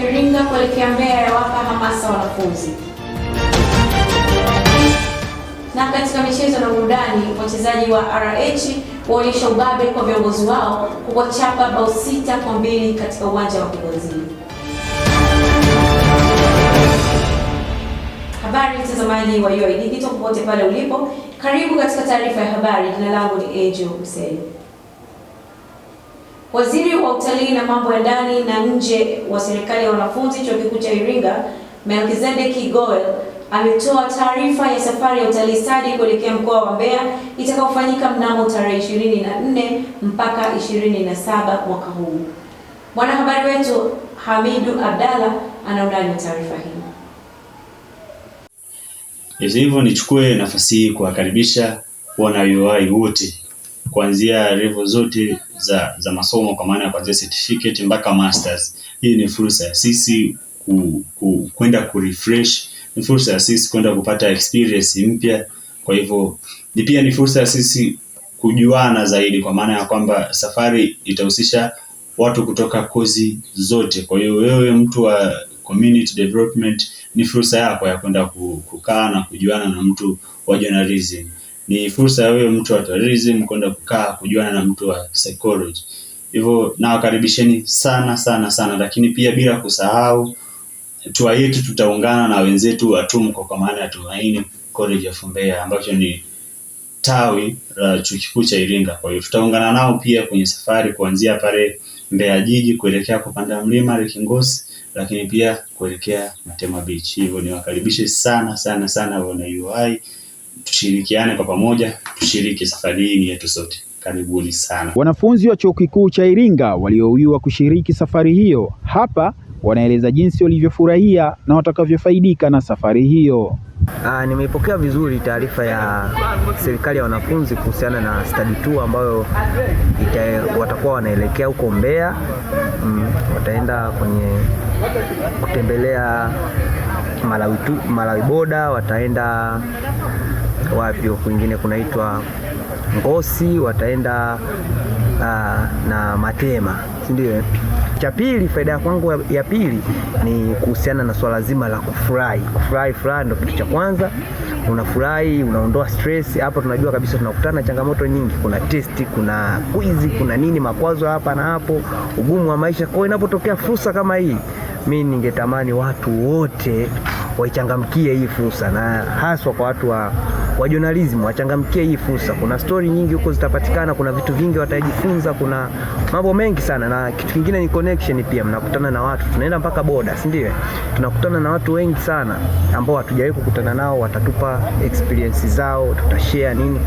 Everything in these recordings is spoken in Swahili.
cha Iringa kuelekea Mbeya yawapa hamasa wanafunzi. Na katika michezo na burudani, wachezaji wa RH waonyesha ubabe kwa viongozi wao kuwachapa bao sita kwa mbili katika uwanja wa Kigonzini. Habari mtazamaji wa UoI Digital popote pale ulipo, karibu katika taarifa ya habari. Jina langu ni Angel Mseli. Waziri wa Utalii na Mambo ya Ndani na Nje wa Serikali ya Wanafunzi Chuo Kikuu cha Iringa, Melkizedeki Goel ametoa taarifa ya safari ya utalii stadi kuelekea mkoa wa Mbeya itakayofanyika mnamo tarehe 24 mpaka 27 mwaka huu. Mwanahabari wetu Hamidu Abdalla anaundani wa taarifa hii. Hivyo nichukue nafasi hii kuwakaribisha wana UoI wote kuanzia levo zote za, za masomo kwa maana ya kuanzia certificate mpaka masters. Hii ni fursa ya sisi kwenda ku, ku, kurefresh, ni fursa ya sisi kwenda kupata experience mpya. Kwa hivyo ni pia ni fursa ya sisi kujuana zaidi, kwa maana ya kwamba safari itahusisha watu kutoka kozi zote. Kwa hiyo wewe mtu wa community development, ni fursa yako ya kwenda kukaa na kujuana na mtu wa journalism ni fursa ya huyo mtu wa tourism kwenda kukaa kujuana na mtu wa psychology. Hivyo nawakaribisheni sana sana sana, lakini pia bila kusahau tour yetu tutaungana na wenzetu wa TUMCO kwa maana ya Tumaini College of Mbeya ambacho ni tawi la chuo kikuu cha Iringa. Kwa hiyo tutaungana nao pia kwenye safari kuanzia pale Mbeya jiji kuelekea kupanda mlima Lekingosi, lakini pia kuelekea Matema Beach. Hivyo niwakaribishe sana sana sana wana UI tushirikiane kwa pamoja, tushiriki safari hii yetu sote. Karibuni sana. Wanafunzi wa Chuo Kikuu cha Iringa waliouiwa kushiriki safari hiyo hapa wanaeleza jinsi walivyofurahia na watakavyofaidika na safari hiyo. Ah, nimeipokea vizuri taarifa ya serikali ya wanafunzi kuhusiana na study tour ambayo ita, watakuwa wanaelekea huko Mbeya. Mm, wataenda kwenye kutembelea Malawi tu, Malawi boda wataenda wapi kwingine kunaitwa Ngosi, wataenda uh, na Matema, si ndio? Eh? Cha pili, faida ya kwangu ya pili ni kuhusiana na swala zima la kufurahi. Kufurahi furaha ndio kitu cha kwanza, unafurahi unaondoa stress. Hapo tunajua kabisa tunakutana changamoto nyingi, kuna testi, kuna kwizi, kuna nini, makwazo hapa na hapo, ugumu wa maisha. Kwa hiyo inapotokea fursa kama hii, mi ningetamani watu wote waichangamkie hii fursa, na haswa kwa watu wa wa journalism wachangamkie hii fursa. Kuna stori nyingi huko zitapatikana, kuna vitu vingi watajifunza, kuna mambo mengi sana, na kitu kingine ni connection pia. Mnakutana na watu, tunaenda mpaka boda, si ndio? Tunakutana na watu wengi sana ambao hatujawahi kukutana nao, watatupa experience zao, tutashare nini.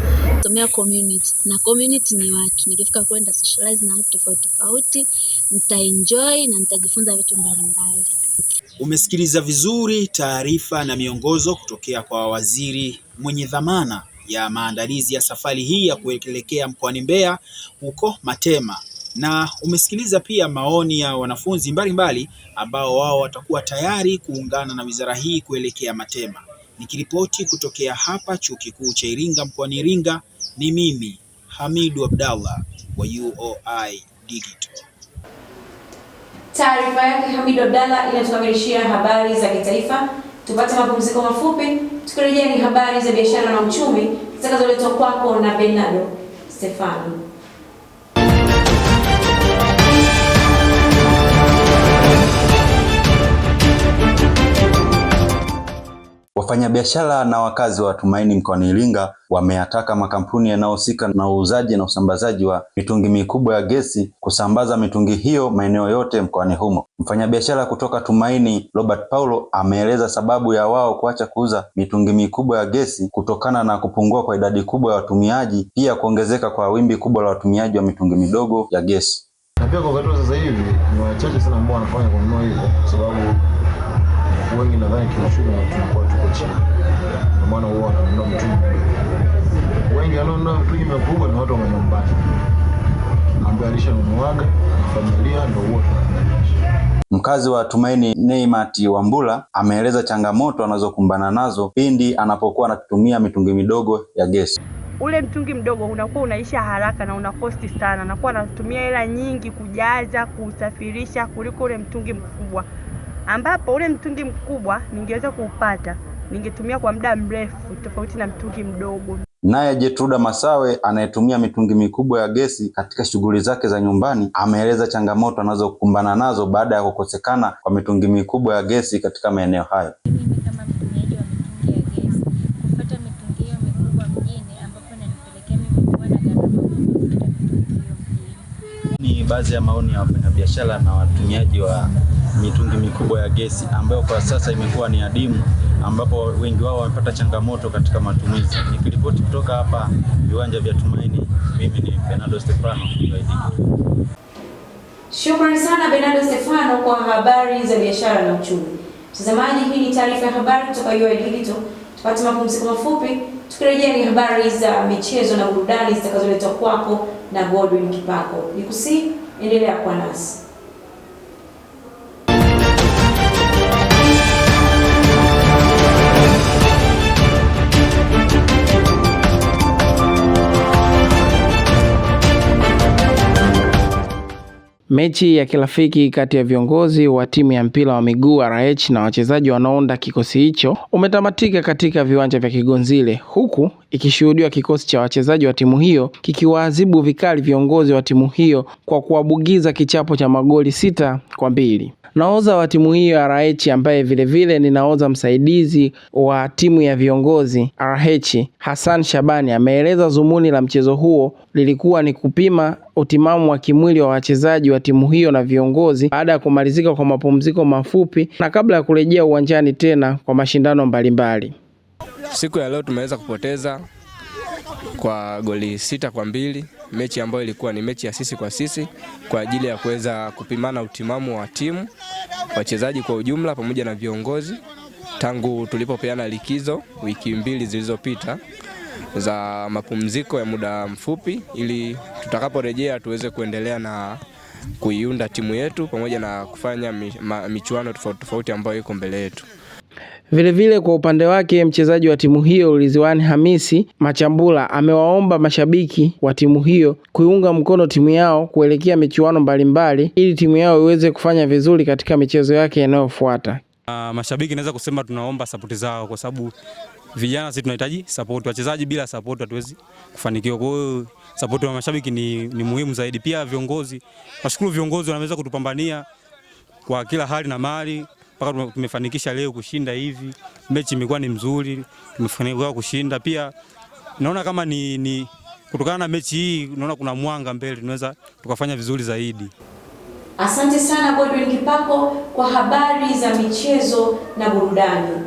Tumia community na community ni watu, nikifika kwenda socialize na watu tofauti tofauti, nitaenjoy na nitajifunza vitu mbalimbali. Umesikiliza vizuri taarifa na miongozo kutokea kwa Waziri mwenye dhamana ya maandalizi ya safari hii ya kuelekea mkoani Mbeya huko Matema, na umesikiliza pia maoni ya wanafunzi mbalimbali ambao wao watakuwa tayari kuungana na wizara hii kuelekea Matema. Nikiripoti kutokea hapa Chuo Kikuu cha Iringa mkoani Iringa, ni mimi Hamidu Abdallah wa UoI Digital. Taarifa yake Hamidu Abdallah inatuhabarishia habari za kitaifa. Tupate mapumziko mafupi, tukirejea ni habari za biashara na uchumi zitakazoletwa kwako na Bernardo Stefano. Wafanyabiashara na wakazi wa Tumaini mkoani Iringa wameyataka makampuni yanayohusika na uuzaji na usambazaji wa mitungi mikubwa ya gesi kusambaza mitungi hiyo maeneo yote mkoani humo. Mfanyabiashara kutoka Tumaini Robert Paulo ameeleza sababu ya wao kuacha kuuza mitungi mikubwa ya gesi kutokana na kupungua kwa idadi kubwa ya watumiaji, pia kuongezeka kwa wimbi kubwa la watumiaji wa mitungi midogo ya gesi. Na pia kwa wakati sasa hivi ni wachache sana ambao wanafanya kununua hizo, sababu wengi nadhani tunashuka na tunakuwa maisha, ndio maana uona wengi mkubwa ni watu wa nyumbani ambaye alishanunuaga familia ndio Mkazi wa Tumaini Neimat Wambura ameeleza changamoto anazokumbana nazo pindi anapokuwa anatumia mitungi midogo ya gesi. Ule mtungi mdogo unakuwa unaisha haraka na una kosti sana, nakuwa anatumia hela nyingi kujaza, kuusafirisha kuliko ule mtungi mkubwa, ambapo ule mtungi mkubwa ningeweza kuupata ningetumia kwa muda mrefu tofauti na mtungi mdogo. Naye Jetruda Masawe anayetumia mitungi mikubwa ya gesi katika shughuli zake za nyumbani ameeleza changamoto anazokumbana nazo baada ya kukosekana kwa mitungi mikubwa ya gesi katika maeneo hayo. Ni baadhi ya maoni ya wafanyabiashara na watumiaji wa mitungi mikubwa ya gesi ambayo kwa sasa imekuwa ni adimu ambapo wengi wao wamepata changamoto katika matumizi. Nikiripoti kutoka hapa viwanja vya Tumaini, mimi ni Bernardo Stefano. Shukrani sana Bernardo Stefano kwa habari za biashara na uchumi. Mtazamaji, hii ni taarifa ya habari kutoka UoI Digital. Tupate mapumziko mafupi, tukirejea ni habari za michezo na burudani zitakazoletwa kwako na Godwin Kipako. Nikusi endelea kuwa nasi. Mechi ya kirafiki kati ya viongozi wa timu ya mpira wa miguu RH na wachezaji wanaounda kikosi hicho umetamatika katika viwanja vya Kigonzile, huku ikishuhudiwa kikosi cha wachezaji wa timu hiyo kikiwaadhibu vikali viongozi wa timu hiyo kwa kuwabugiza kichapo cha magoli sita kwa mbili naoza wa timu hiyo RH, ambaye vilevile ni nahodha msaidizi wa timu ya viongozi RH, Hassan Shabani ameeleza zumuni la mchezo huo lilikuwa ni kupima utimamu wa kimwili wa wachezaji wa timu hiyo na viongozi baada ya kumalizika kwa mapumziko mafupi na kabla ya kurejea uwanjani tena kwa mashindano mbalimbali. Siku ya leo tumeweza kupoteza kwa goli sita kwa mbili mechi ambayo ilikuwa ni mechi ya sisi kwa sisi kwa ajili ya kuweza kupimana utimamu wa timu, wachezaji kwa ujumla, pamoja na viongozi tangu tulipopeana likizo wiki mbili zilizopita za mapumziko ya muda mfupi, ili tutakaporejea tuweze kuendelea na kuiunda timu yetu pamoja na kufanya michuano tofauti tofauti ambayo iko mbele yetu. Vilevile kwa upande wake mchezaji wa timu hiyo Ridhiwani Hamisi Machambula amewaomba mashabiki wa timu hiyo kuiunga mkono timu yao kuelekea michuano mbalimbali ili timu yao iweze kufanya vizuri katika michezo yake inayofuata. Uh, mashabiki naweza kusema tunaomba sapoti zao kwa sababu vijana sisi tunahitaji support. Wachezaji bila support hatuwezi kufanikiwa. Kwa hiyo support wa mashabiki ni, ni muhimu zaidi. Pia viongozi, nashukuru viongozi wanaweza kutupambania kwa kila hali na mali mpaka tumefanikisha leo kushinda hivi. Mechi imekuwa ni mzuri, tumefanikiwa kushinda pia. Naona kama ni, ni kutokana na mechi hii, naona kuna mwanga mbele, tunaweza tukafanya vizuri zaidi. Asante sana Godwin Kipako kwa habari za michezo na burudani.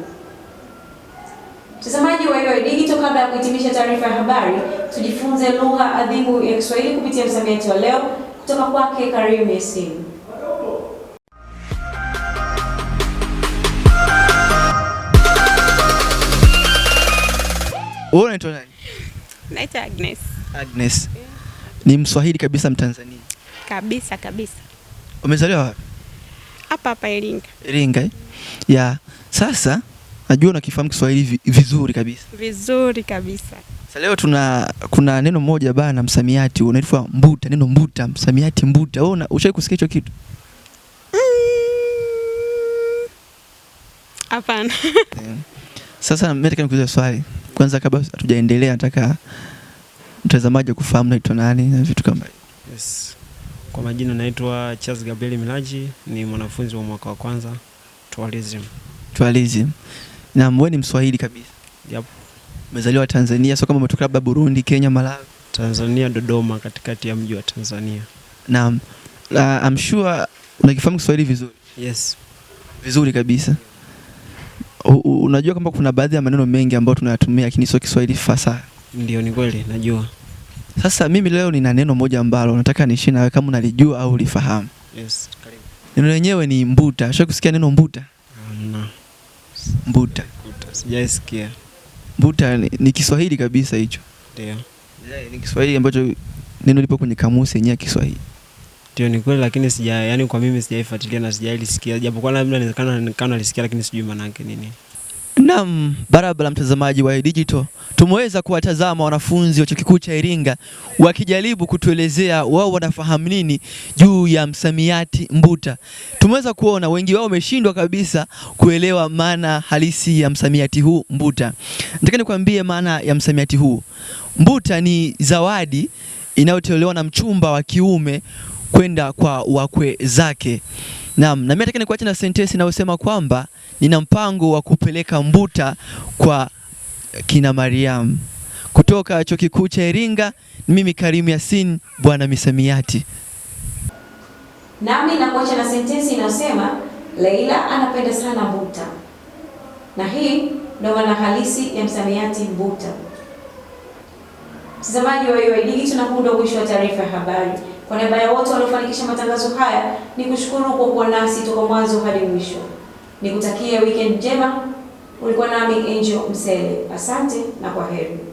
Mtazamaji wa UoI Digital, kabla ya kuhitimisha taarifa ya habari, tujifunze lugha adhimu ya Kiswahili kupitia msamiati wa leo kutoka kwake Karim Yasin. Wewe unaitwa nani? Naitwa Agnes. Agnes. Mm. Ni Mswahili kabisa Mtanzania. Kabisa kabisa. Umezaliwa wapi? Hapa hapa Iringa. Iringa. Eh? Ya. Sasa najua unakifahamu Kiswahili vizuri kabisa. Vizuri kabisa. Sasa leo tuna kuna neno moja bana msamiati unaitwa mbuta, neno mbuta, msamiati mbuta. Wewe ushawahi kusikia hicho kitu? Mm. Hapana. Mm. Sasa mimi nataka nikuulize swali kwanza kabla hatujaendelea, nataka mtazamaji kufahamu naitwa nani na vitu kama hivyo. Yes. Kwa majina naitwa Charles Gabriel Milaji, ni mwanafunzi wa mwaka wa kwanza tualism. Tualism. Na wewe ni Mswahili kabisa? Yep. Umezaliwa Tanzania, sio kama umetoka labda Burundi, Kenya, Malawi? Tanzania, Dodoma, katikati ya mji wa Tanzania. Naam. Ah, I'm sure unakifahamu Kiswahili vizuri? Yes. Vizuri kabisa unajua kwamba kuna baadhi ya maneno mengi ambayo tunayatumia lakini sio Kiswahili fasaha. Ndio, ni kweli, najua. Sasa mimi leo nina neno moja ambalo nataka niishi nawe kama unalijua au ulifahamu. Yes, karibu. Neno lenyewe ni mbuta. Ushawahi kusikia neno mbuta? Hamna. Mbuta. Sijaisikia. Mbuta ni, ni Kiswahili kabisa hicho. Ndio. Ni Kiswahili ambacho neno lipo kwenye kamusi yenyewe ya Kiswahili ndio ni kweli, lakini sija, yani kwa mimi sijaifuatilia na sijailisikia, kwa labda inawezekana nikawa nalisikia, lakini sijui maana yake nini. Naam, barabara mtazamaji wa digital, tumeweza kuwatazama wanafunzi wa chuo kikuu cha Iringa wakijaribu kutuelezea wao wanafahamu nini juu ya msamiati mbuta. Tumeweza kuona wengi wao wameshindwa kabisa kuelewa maana halisi ya msamiati huu mbuta. Nataka nikwambie maana ya msamiati huu mbuta. Ni zawadi inayotolewa na mchumba wa kiume kwenda kwa wakwe zake. Naam, na mimi nataka nikuache na sentensi inayosema kwamba nina mpango wa kupeleka mbuta kwa kina Mariam. Kutoka Chuo Kikuu cha Iringa mimi Karimu Yasin bwana misamiati. Nami nakuacha na sentensi inayosema Leila anapenda sana mbuta, na hii ndo maana halisi ya msamiati mbuta. Mtazamaji wa UoI Digital, tunakuja mwisho wa taarifa ya habari. Kwa niaba ya wote waliofanikisha matangazo haya, ni kushukuru kwa kuwa nasi toka mwanzo hadi mwisho. Nikutakie weekend njema. Ulikuwa nami Angel Msele. Asante na kwa heri.